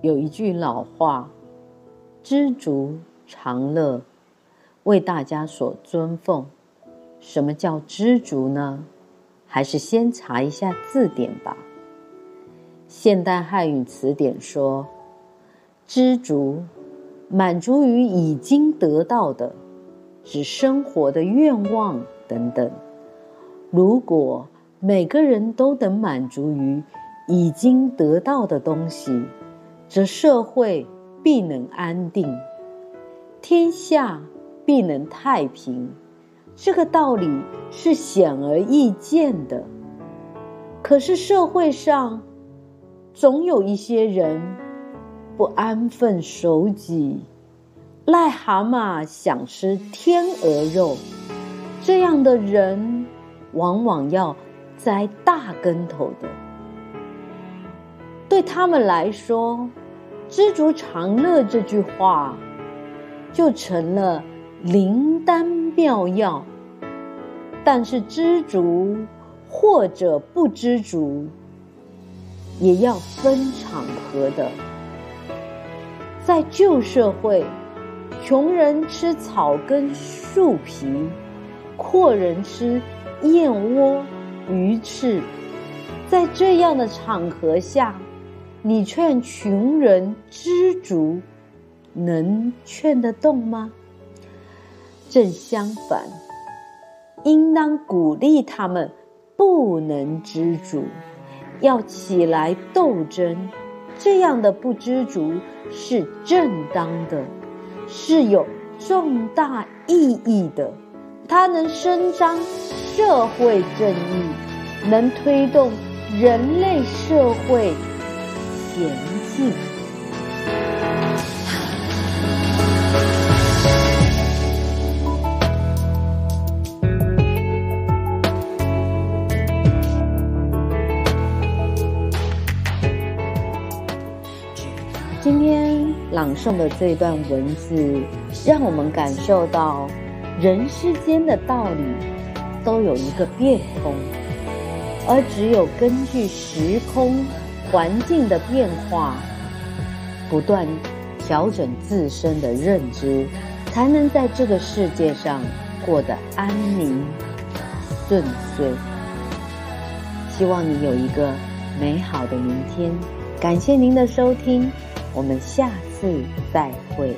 有一句老話，“知足常樂”，為大家所遵奉。什麼叫知足呢？還是先查一下字典吧。《現代漢語詞典》說：“知足，滿足於已經得到的，指生活的願望等等。”如果每個人都能滿足於已經得到的東西，則社會必能安定，天下必能太平，這個道理是顯而易見的。可是社會上總有一些人不安分守己，癩蛤蟆想吃天鵝肉，這樣的人往往要栽大跟頭的。對他們來說，“知足常樂”這句話就成了靈丹妙藥。但是，知足或者不知足，也要分場合的。在舊社會，窮人吃草根、樹皮，闊人吃燕窩、魚翅，在這樣的場合下，你勸窮人知足，能勸得動嗎？正相反，應當鼓勵他們不能知足，要起來鬥爭。這樣的不知足是正當的，是有重大意義的，它能伸張社會正義，能推動人類社會。嚴禁今天朗誦的這段文字，讓我們感受到人世間的道理都有一個變通，而只有根據時空。環境的變化，不斷調整自身的認知，才能在這個世界上過得安寧順遂。希望你有一個美好的明天。感謝您的收聽，我們下次再會。